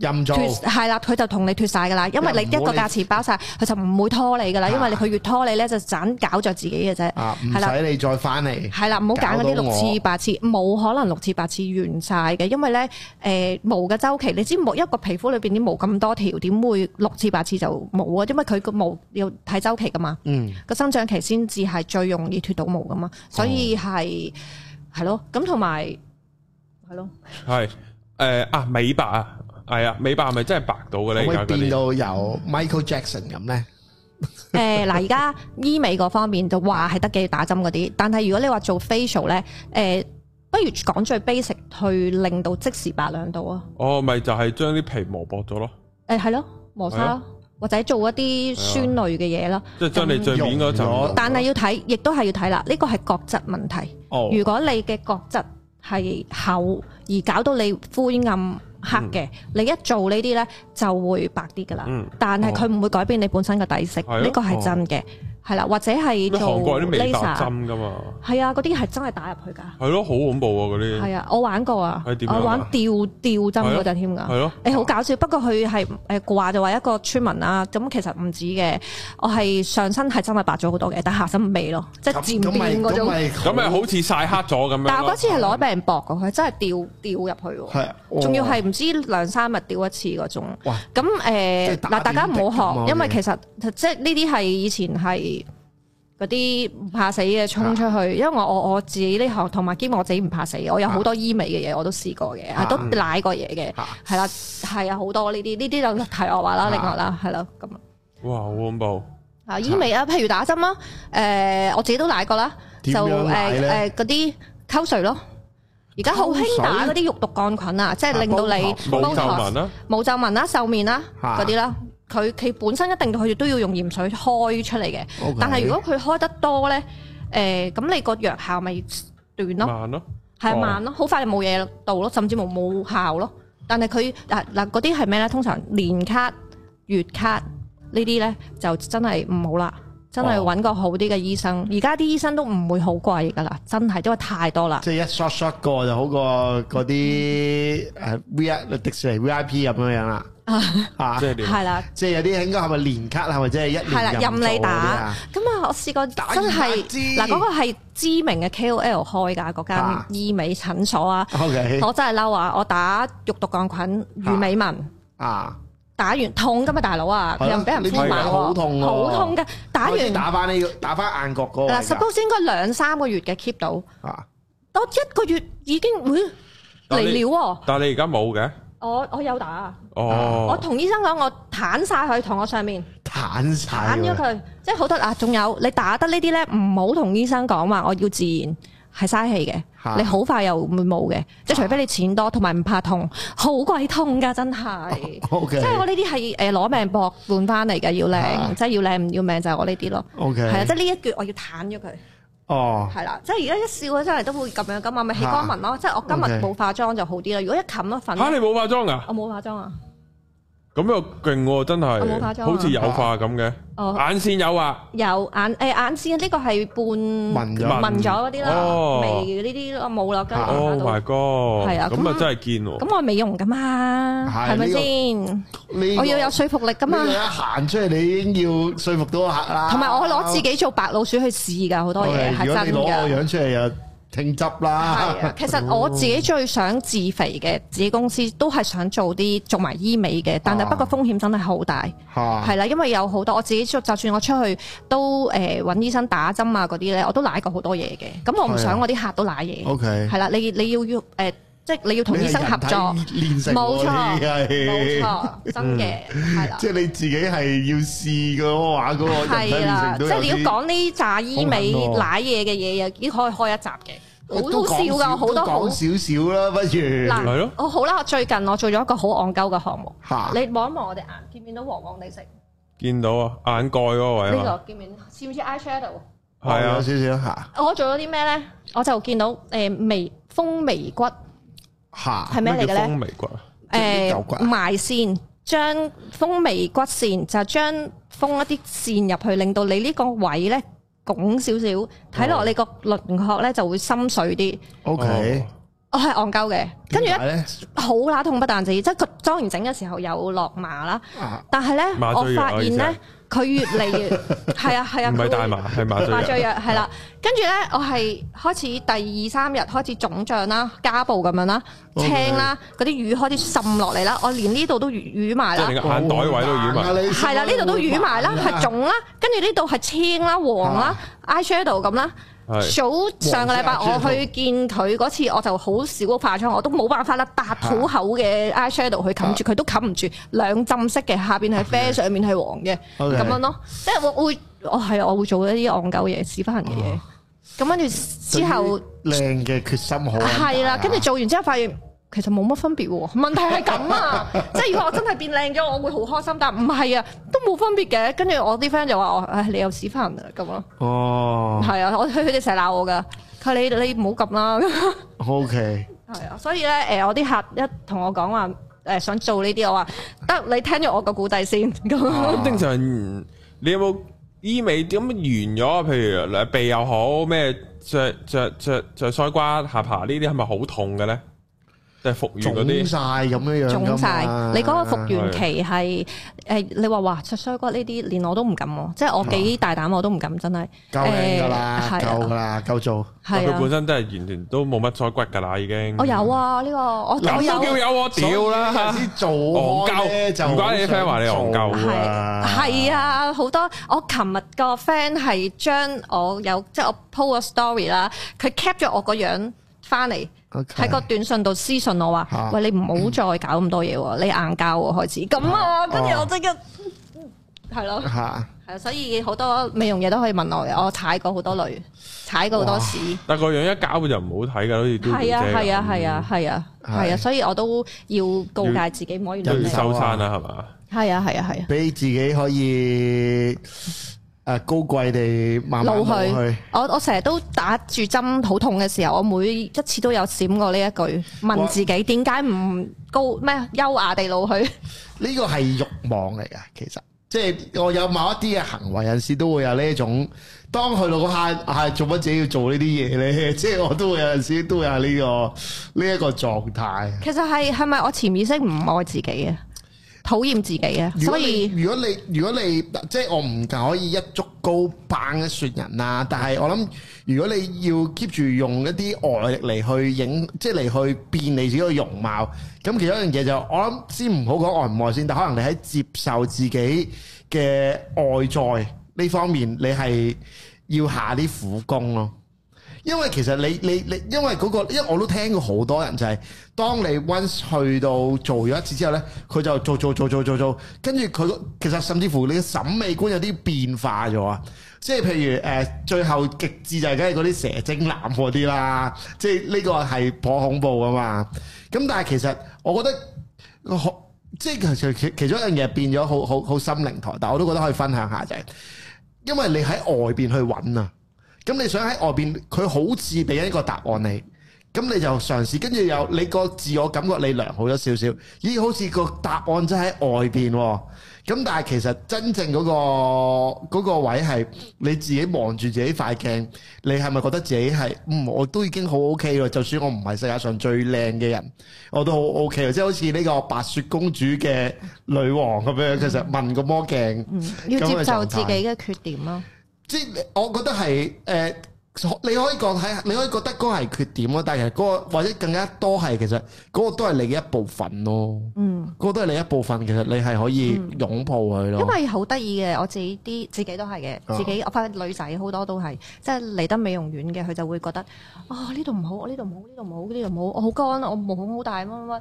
脱係任啦，佢就同你脱晒噶啦，因為你一個價錢包晒，佢就唔會拖你噶啦。啊、因為佢越拖你咧，就盞搞着自己嘅啫。啊，唔使你再翻嚟。係啦，唔好揀嗰啲六次、八次，冇可能六次、八次完晒嘅，因為咧誒、呃、毛嘅周期，你知毛一個皮膚裏邊啲毛咁多條，點會六次、八次就冇啊？因為佢個毛要睇周期噶嘛。嗯。個生長期先至係最容易脱到毛噶嘛，所以係係咯，咁同埋係咯。係誒、呃、啊，美白啊！啊啊啊係啊，美白係咪真係白到嘅咧？會，會變到有 Michael Jackson 咁咧？誒、 呃，嗱，而家醫美嗰方面就話係得嘅打針嗰啲，但係如果你話做 facial 咧，誒、呃，不如講最 basic 去令到即時白兩度啊？哦，咪就係將啲皮磨薄咗咯？誒、呃，係咯，磨砂咯，的或者做一啲酸類嘅嘢咯。的嗯、即係將你最面嗰層。但係要睇，亦都係要睇啦。呢、這個係角質問題。哦。如果你嘅角質係厚，而搞到你灰暗。黑嘅，你一做呢啲咧就會白啲噶啦。但係佢唔會改變你本身嘅底色，呢個係真嘅。係啦，或者係做 laser 針噶嘛。係啊，嗰啲係真係打入去㗎。係咯，好恐怖啊！嗰啲係啊，我玩過啊，我玩吊吊針嗰陣添㗎。係咯，誒好搞笑。不過佢係誒話就話一個村民啊，咁其實唔止嘅，我係上身係真係白咗好多嘅，但下身未咯，即係漸變嗰種。咁咪好似晒黑咗咁樣。但係嗰次係攞俾人搏㗎，佢真係吊吊入去喎。仲要係。唔知兩三日吊一次嗰種，咁誒嗱，大家唔好學，因為其實即係呢啲係以前係嗰啲唔怕死嘅衝出去，因為我我我自己呢行同埋，兼我自己唔怕死，我有好多醫美嘅嘢我都試過嘅，都舐過嘢嘅。係啦，係啊，好多呢啲呢啲就係我話啦，另外啦，係咯咁。哇，好恐怖啊！醫美啊，譬如打針啦，誒，我自己都舐過啦，就誒誒嗰啲溝水咯。而家好興打嗰啲肉毒桿菌啊，即係令到你冇皺紋啦、啊，冇皺紋啦，瘦面啦嗰啲啦。佢佢本身一定佢都要用鹽水開出嚟嘅。Okay. 但係如果佢開得多咧，誒、呃、咁你個藥效咪短咯，係慢咯，好快就冇嘢到咯，甚至冇冇效咯。但係佢嗱嗱嗰啲係咩咧？通常年卡、月卡呢啲咧就真係唔好啦。真係揾個好啲嘅醫生，而家啲醫生都唔會好貴噶啦，真係因為太多啦。即係一 shot shot 過就好過嗰啲誒 v 迪士尼 VIP 咁樣樣啦。 啊，即係點？啦的，即係有啲應該係咪年卡，係咪即係一年入係啦，任你打。咁啊，我試過真係嗱，嗰、啊那個係知名嘅 KOL 開㗎嗰間醫美診所啊。OK， 我真係嬲啊！我打肉毒桿菌魚尾紋。啊！啊打完痛噶嘛，大佬啊，又唔俾人敷麻喎，好的痛噶！打完打翻呢個，打翻眼角個。嗱，suppose 應該兩三個月嘅 keep 到，我一個月已經嚟了。但係你而家冇嘅，我我有打，哦、我同醫生講我彈晒佢，同我上面彈彈咗佢，即係好得啊！仲有你打得呢啲咧，唔好同醫生講話，我要自然。係嘥氣嘅，氣啊、你好快又會冇嘅，即係、啊、除非你錢多，同埋唔怕痛，好鬼痛噶，真係，哦 okay. 即係我呢啲係誒攞命搏換翻嚟嘅，要靚，啊、即係要靚唔要命就係我呢啲咯。O Okay .係、哦、啊，即係呢一撅我要彈咗佢。哦，係啦，即係而家一笑咗出嚟都會咁樣咁啊，咪起乾紋咯。即係我今日冇化妝就好啲啦。如果一冚咗粉，吓你冇化妝啊？我冇化妝啊。咁又勁，真係，好似有化咁嘅，哦，眼線有啊，有眼誒，眼線呢個係半紋紋咗嗰啲啦，眉呢啲冇落㗎，跟住我化妝都，大哥，係啊，咁啊真係堅喎，咁我美容噶嘛，係咪先？我要有說服力噶嘛，一行出嚟你要說服到客啦，同埋我攞自己做白老鼠去試噶，好多嘢係真噶。停執啦、啊！其實我自己最想自肥嘅，自己公司都係想做啲做埋醫美嘅，但係不過風險真係好大，係啦、啊，啊、因為有好多我自己出，就算我出去都誒搵、呃、醫生打針啊嗰啲咧，我都舐過好多嘢嘅，咁我唔想我啲客都舐嘢，係啦、啊 okay. 啊，你你要要誒。呃即你要同醫生合作，練成冇錯，係冇錯，真嘅係啦。即係你自己係要試嘅話，嗰個練成都有啲。即係你要講呢扎醫美瀨嘢嘅嘢，又可以開一集嘅，好好笑噶，好多好少少啦，不如係咯。我好啦，最近我做咗一個好戇鳩嘅項目。吓，你望一望我哋眼，見唔見到黃黃地色？見到啊，眼蓋嗰個位。呢個見唔見似唔似 eye shadow？係啊，少少吓。我做咗啲咩咧？我就見到誒眉，豐眉骨。吓係咩嚟嘅咧？豐眉骨，有骨，誒，埋線將風眉骨線就將、是、封一啲線入去，令到你呢個位咧拱少少，睇落、哦、你個輪廓咧就會深邃啲。O K、哦。Okay. 哦我係戇鳩嘅，跟住咧好乸痛不但止。即係佢裝完整嘅時候有落麻啦，但係咧，我發現咧，佢越嚟越係啊係啊，唔係大麻係麻醉藥，麻醉藥係啦。跟住咧，我係開始第二三日開始腫脹啦、家暴咁樣啦、青啦、嗰啲淤開始滲落嚟啦。我連呢度都淤埋啦，眼袋位都淤埋，係啦，呢度都淤埋啦，係腫啦，跟住呢度係青啦、黃啦、eye shadow 咁啦。早上個禮拜我去見佢嗰次，我就好少化妝，我都冇辦法啦，搭好厚嘅 eye shadow 去冚住，佢都冚唔住，兩浸色嘅，下邊係啡，的上面係黃嘅，咁 Okay. 樣咯，即係我會，我、哦、係我會做一啲戇鳩嘢，屎忽痕嘅嘢，咁跟住之後，靚嘅決心好，係啦，跟住做完之後發現。其實冇乜分別喎，啊，問題係咁啊， 即係如果我真係變靚咗，我會好開心。但唔係啊，都冇分別嘅。跟住我啲 friend 就話我，唉，你又屎翻啦咁咯。哦，係啊，我佢佢哋成日鬧我噶，佢話你你唔好咁啦。OK，係啊，所以咧，誒，我啲客一同我講話，誒，想做呢啲，我話得，你聽咗我個古仔先咁。正，啊， 常，你有冇醫美咁完咗？譬如誒，鼻又好，咩，着、着、着、着，腮瓜下巴呢啲，係咪好痛嘅咧？即係復原嗰啲腫曬咁樣樣，腫曬。你嗰個復原期係誒？你話話出衰骨呢啲，連我都唔敢喎。即係我幾大膽我都唔敢，真係夠㗎啦，夠㗎啦，夠做。係佢本身都係完全都冇乜腮骨㗎啦，已經。我有啊，呢個我都叫有，屌啦，做我夠，唔該你啲 friend 話你唔夠啊。係啊，好多我琴日個 friend 係將我有即係我 po 個 story 啦，佢 cap 咗我個樣翻嚟。喺個短信度私信我話：喂，你唔好再搞咁多嘢，你硬膠開始咁啊！跟住我即刻係咯，係所以好多美容嘢都可以問我嘅，我踩過好多雷，踩過好多屎。但係個樣一搞就唔好睇嘅，好似都係啊，係啊，係啊，係啊，係啊，所以我都要告誡自己唔可以亂收山啦，係嘛？係啊，係啊，係啊，俾自己可以。啊！高貴地慢慢去老去，我我成日都打住針，好痛嘅時候，我每一次都有閃過呢一句，問自己點解唔高咩優雅地老去？呢個係慾望嚟噶，其實即係我有某一啲嘅行為，有陣時都會有呢一種，當佢老下係做乜自己要做呢啲嘢咧，即係我都會有陣時都有呢、這個呢一、這個狀態。其實係係咪我潛意識唔愛自己啊？討厭自己啊！所以如果你，如果你，即係我唔可以一竹篙打一船人啦，但係我諗如果你要 keep 住用一啲外力嚟去影，即係嚟去變你自己嘅容貌，咁其中一樣嘢就，我諗先唔好講外唔外先，但係可能你喺接受自己嘅外在呢方面，你係要下啲苦功咯。因為其實你你你，因為嗰個，因為我都聽過好多人就係，當你 once 去到做咗一次之後呢，佢就做做做做做做，跟住佢其實甚至乎你嘅審美觀有啲變化咗啊，即係譬如誒、最後極致就係梗係嗰啲蛇精男嗰啲啦，即係呢個係頗恐怖㗎嘛，咁但係其實我覺得，即係其其其中一樣嘢變咗好好好心靈台，但我都覺得可以分享下就係，因為你喺外邊去揾啊。咁你想喺外邊，佢好似俾一個答案你，咁你就嘗試，跟住有你個自我感覺你良好咗少少，咦好似個答案真係喺外邊，咁但係其實真正嗰、嗰個、嗰個位係你自己望住自己塊鏡，你係咪覺得自己係嗯我都已經好 O K 咯，就算我唔係世界上最靚嘅人，我都、OK、好 O K 即係好似呢個白雪公主嘅女王咁樣，是是嗯、其實問個魔鏡、嗯嗯，要接受自己嘅缺點咯。即我覺得係誒，你可以講睇，你可以覺得嗰係缺點咯。但係其實嗰、嗰個或者更加多係其實嗰個都係你嘅一部分咯。嗯，嗰個都係你一部分，其實你係可以擁抱佢咯、嗯。因為好得意嘅，我自己啲自己都係嘅，啊、自己我發現女仔好多都係即係嚟得美容院嘅，佢就會覺得啊呢度唔好，我呢度唔好，呢度唔好，呢度唔好，我好乾，我毛孔好，好大乜乜乜。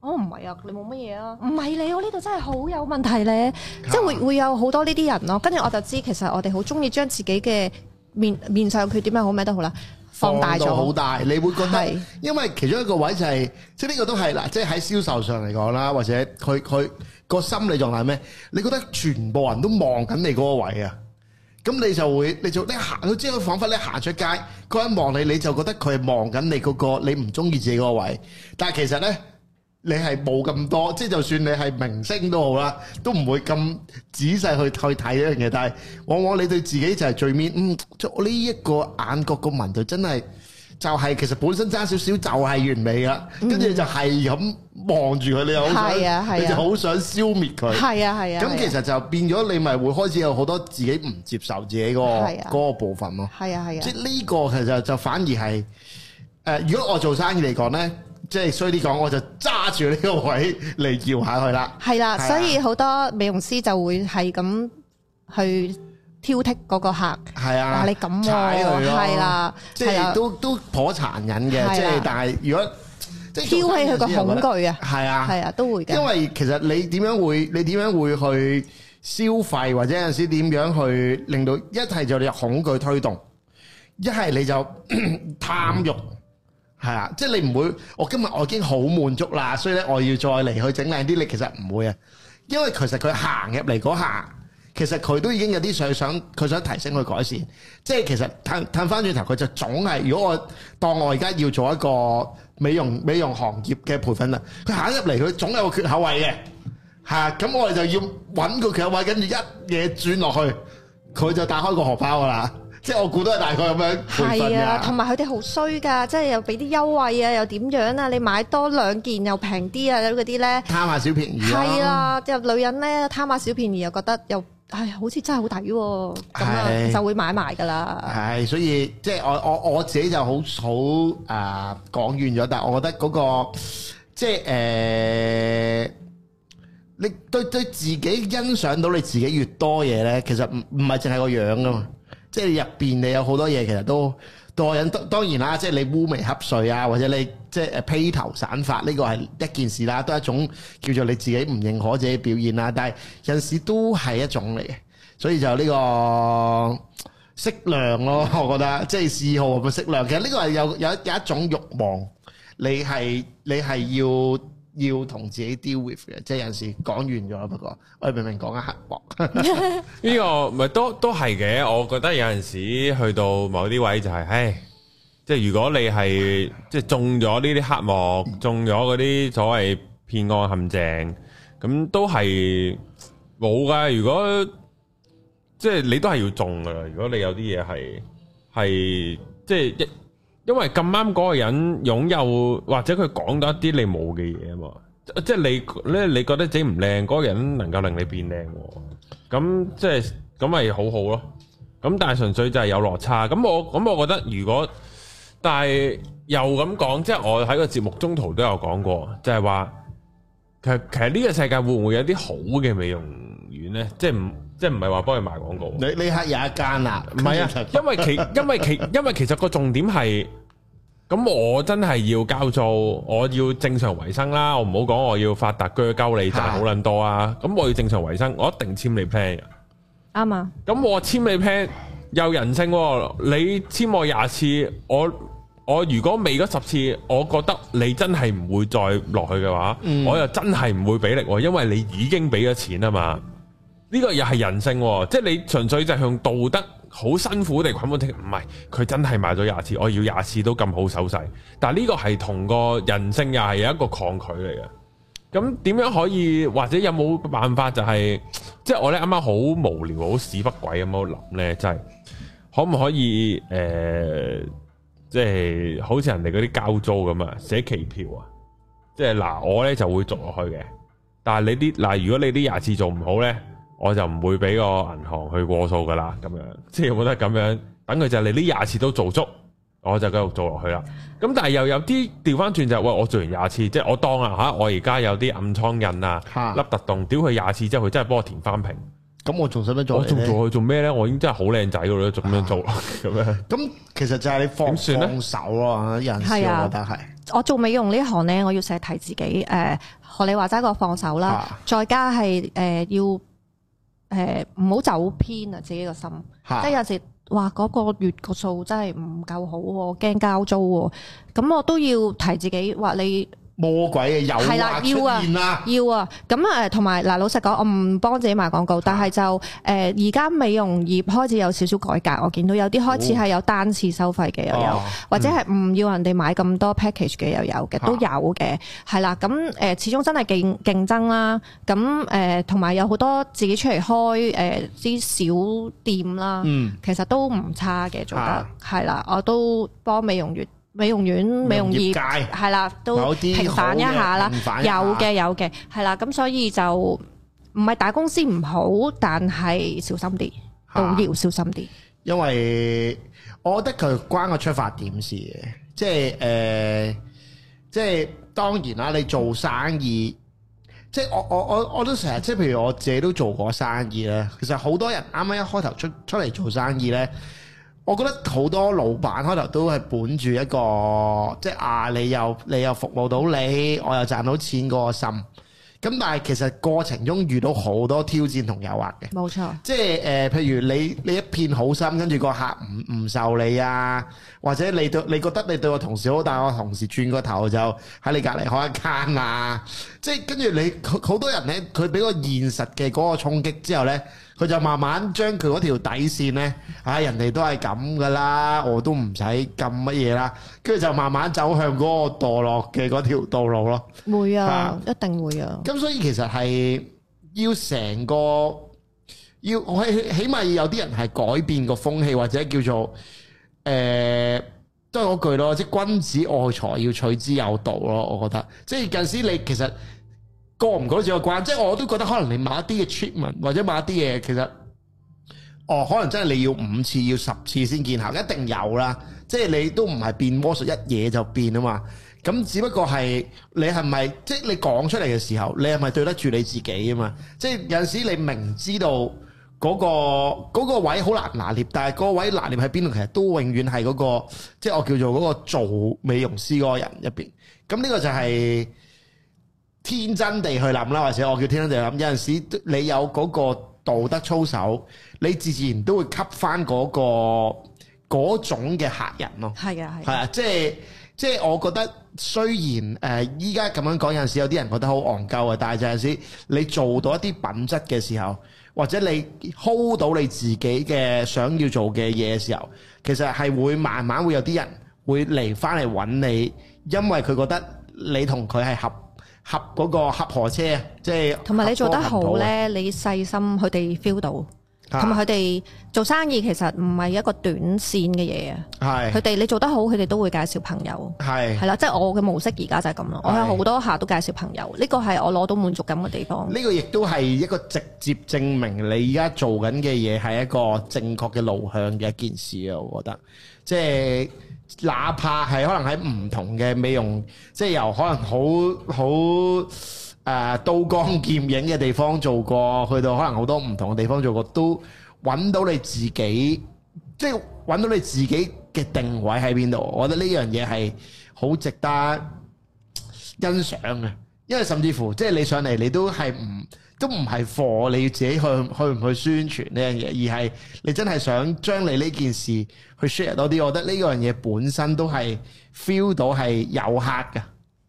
我唔係啊，你冇乜嘢啊？唔係你，我呢度真係好有問題咧，啊、即係會會有好多呢啲人咯。跟住我就知，其實我哋好中意將自己嘅面面上佢點樣好，咩好咩都好啦，放大咗好大。你會覺得，是因為其中一個位就係、是，即係呢個都係啦。即係喺銷售上嚟講啦，或者佢佢個心理狀態係咩？你覺得全部人都望緊你嗰個位啊？咁你就會，你就你行，即係仿佛你行出街，佢一望你，你就覺得佢係望緊你嗰、嗰個你唔中意自己個位。但係其實咧。你係冇咁多，即係就算你係明星都好啦，都唔會咁仔細去去睇一樣嘢。但係往往你對自己就係最面，嗯，我呢一個眼角個紋就真係就係其實本身爭少少就係完美啦。跟住就係咁望住佢，你又好，你就好想消滅佢。係啊係啊。咁其實就變咗你咪會開始有好多自己唔接受自己個嗰個部分咯。係啊係啊。即係呢個其實就反而係誒，如果我做生意嚟講咧。即係衰啲講，我就揸住呢個位嚟搖下去啦。係啦、啊，啊、所以好多美容師就會係咁去挑剔嗰個客。係啊，你咁踩佢咯，係啦、啊，即係、啊、都都頗殘忍嘅。即係、啊，但係如果、啊、挑起佢個恐懼啊，係啊，係啊，都會嘅。因為其實你點樣會，你點樣會去消費，或者有陣時點樣去令到一係就有恐懼推動，一係你就貪慾。係啊，即係你唔會，我今日我已經好滿足啦，所以咧我要再嚟去整靚啲，你其實唔會啊，因為其實佢行入嚟嗰下，其實佢都已經有啲想想，佢想提升去改善，即係其實褪褪翻轉頭，佢就總係，如果我當我而家要做一個美容美容行業嘅培訓啦，佢行入嚟佢總有個缺口位嘅，吓，咁我哋就要揾個缺口位，跟住一嘢轉落去，佢就打開個荷包噶啦。即係我估都係大概咁樣，係啊，同埋佢哋好衰噶，即係又俾啲優惠啊，又點樣啊？你買多兩件又平啲啊，嗰啲咧貪下小便宜、啊，係啦、啊，即係女人咧貪下小便宜又覺得又唉、哎，好似真係好抵喎，咁啊就，就會買埋噶啦。係，所以即係我我我自己就好好啊講完咗，但係我覺得嗰、那個即係誒、呃，你對對自己欣賞到你自己越多嘢咧，其實唔唔係淨係個樣噶嘛。即係入邊你有好多嘢，其實都都引，當然啦，即係你烏眉瞌睡啊，或者你即係披頭散髮，呢個係一件事啦，都係一種叫做你自己唔認可自己表現啦。但係有陣時都係一種嚟嘅，所以就呢個適量咯，我覺得即係嗜好同埋適量，其實呢個係有有有一種欲望，你係你係要。要同自己 deal with 嘅，即係有時講完咗，不過我明明講緊黑幕。呢個唔係都都係嘅，我覺得有陣時去到某啲位就係，唉，即係如果你係即係中咗呢啲黑幕，中咗嗰啲所謂騙案陷阱，咁都係冇㗎。如果即係你都係要中㗎喇，如果你有啲嘢係係即係一。因為咁啱嗰個人擁有或者佢講到一啲你冇嘅嘢啊嘛，即係你咧你覺得整唔靚，嗰個人能夠令你變靚哦，咁即係咁咪好好咯。咁但係純粹就係有落差。咁我咁我覺得如果，但係又咁講，即係我喺個節目中途都有講過，就係話其實其實呢個世界會唔會有啲好嘅美容院呢？即係唔。即係唔係話幫你賣廣告？你你刻有一間啦，唔係啊，因為其因為其因為其實個重點係，咁我真係要交租，我要正常維生啦，我唔好講我要發達，鋸鳩你就係好捻多啊！咁我要正常維生，我一定簽你 plan。啱啊！咁我簽你 plan 有人性，你簽我廿次，我我如果未嗰十次，我覺得你真係唔會再落去嘅話，我又真係唔會俾力，因為你已經俾咗錢啊嘛。呢個又係人性、喔，即係你純粹就向道德好辛苦地捆綁貼，唔係佢真係買咗廿次，我要廿次都咁好手勢。但係呢個係同個人性又係有一個抗拒嚟嘅。咁、嗯、點樣可以或者有冇辦法就係、是，即係我咧啱啱好無聊好屎不鬼咁樣諗呢，就係、是、可唔可以誒，即、呃、係、就是、好似人哋嗰啲交租咁啊，寫期票啊，即係嗱我呢就會做落去嘅。但係你啲嗱，如果你啲廿次做唔好呢。我就唔會俾個銀行去過數噶啦，咁樣即係冇得咁樣，等佢就你呢廿次都做足，我就繼續做落去啦。咁但係又有啲調翻轉就係、是、喂、欸，我做完廿次，即係我當啊吓，我而家有啲暗瘡印突動啊，凹凹凸洞，屌佢廿次之後，佢真係幫我填翻平。咁我仲想乜做？我仲做佢做咩咧？我已經真係好靚仔噶啦，做咁樣做咁、啊、樣。咁其實就係你放算放手啊，人士，我覺得係。我做美容呢行咧，我要成日提自己，誒、uh,，學你話齋個放手啦，嗯、再加係誒、uh, 要。要要誒唔好走偏啊！自己個心，哈即係有時話嗰、那個月個數真係唔夠好喎，驚交租喎、啊，咁我都要提自己話你。魔鬼嘅有係、啊、啦、啊，要啊！要啊！咁啊，同埋嗱，老實講，我唔幫自己賣廣告，但係就誒而家美容業開始有少少改革，我見到有啲開始係有單次收費嘅又有，哦、或者係唔要人哋買咁多 package 嘅又有嘅，都有嘅，係啦、啊。咁誒、嗯、始終真係競競爭啦。咁誒同埋有好多自己出嚟開誒啲、呃、小店啦，嗯、其實都唔差嘅，做得係啦、啊。我都幫美容業。美容院、美容院、美容業界係啦，都平反一下啦，有嘅有嘅，係啦，咁所以就唔係大公司唔好，但係小心啲，都要小心啲。因為我覺得佢關個出發點事嘅，即係誒、呃，即係當然啦，你做生意，即係我我我我都成日，即係譬如我自己都做過生意啦。其實好多人啱啱一開頭出出嚟做生意咧。我覺得好多老闆開頭都係本住一個，即係啊，你又你又服務到你，我又賺到錢嗰個心。咁但係其實過程中遇到好多挑戰同誘惑嘅，冇錯。即係誒、呃，譬如你你一片好心，跟住個客唔唔受理啊，或者你對你覺得你對我同事好，但係我同事轉個頭就喺你隔離開一間啊。即係跟住你好多人咧，佢俾個現實嘅嗰個衝擊之後咧。佢就慢慢將佢嗰條底線呢，啊人哋都係咁㗎啦，我都唔使咁乜嘢啦，跟住就慢慢走向嗰個墮落嘅嗰條道路咯。會啊，啊一定會啊。咁所以其實係要成個要，我係起碼要有啲人係改變個風氣，或者叫做誒、呃、都係嗰句咯，即係君子愛財要取之有道咯。我覺得，即係近時你其實。過唔過得住個關，即係我都覺得可能你買一啲嘅 treatment 或者買一啲嘢，其實哦，可能真係你要五次要十次先見效，一定有啦。即係你都唔係變魔術，一嘢就變啊嘛。咁只不過係你係咪即係你講出嚟嘅時候，你係咪對得住你自己啊嘛？即係有陣時你明知道嗰、嗰個、嗰個位好難拿捏，但係個位拿捏喺邊度，其實都永遠係嗰個，即係我叫做嗰個做美容師嗰個人入邊。咁呢個就係、是。天真地去諗啦，或者我叫天真地去諗，有陣時你有嗰個道德操守，你自然都會吸翻嗰個嗰種嘅客人咯。係啊，係。係啊，即係即係，我覺得雖然誒依家咁樣講，有陣時有啲人覺得好戇鳩啊，但係就陣時你做到一啲品質嘅時候，或者你 hold 到你自己嘅想要做嘅嘢嘅時候，其實係會慢慢會有啲人會嚟翻嚟搵你，因為佢覺得你同佢係合。合嗰個合夥車，即係同埋你做得好咧，你細心佢哋 feel 到，同埋佢哋做生意其實唔係一個短線嘅嘢啊。係佢哋你做得好，佢哋都會介紹朋友。係係啦，即係、就是、我嘅模式而家就係咁咯。是我有好多下都介紹朋友，呢個係我攞到滿足感嘅地方。呢個亦都係一個直接證明你而家做緊嘅嘢係一個正確嘅路向嘅一件事啊！我覺得即係。就是哪怕係可能喺唔同嘅美容，即係由可能好好，誒刀光劍影嘅地方做過，去到可能好多唔同嘅地方做過，都揾到你自己，即係揾到你自己嘅定位喺邊度。我覺得呢樣嘢係好值得欣賞嘅，因為甚至乎即係你上嚟，你都係唔。都唔係貨，你要自己去去唔去宣傳呢樣嘢，而係你真係想將你呢件事去 share 多啲，我覺得呢樣嘢本身都係 feel 到係有客噶。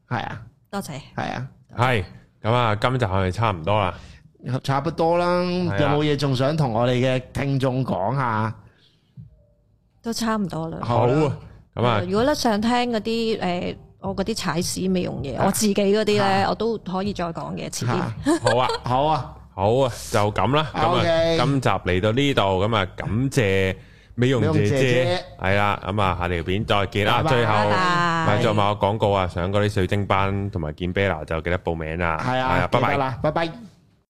係啊，多謝，係啊，係咁啊，今日係咪差唔多啦？差不多啦，有冇嘢仲想同我哋嘅聽眾講下？都差唔多啦。好啊，咁啊，如果咧想聽嗰啲誒。我嗰啲踩屎美容嘢，我自己嗰啲咧，我都可以再講嘅，遲啲。好啊，好啊，好啊，就咁啦。咁啊，今集嚟到呢度，咁啊，感謝美容姐姐，係啦，咁啊，下條片再見啊。最後，咪再賣個廣告啊，上嗰啲水晶班同埋見 Bella 就記得報名啦。係啊，拜拜啦，拜拜。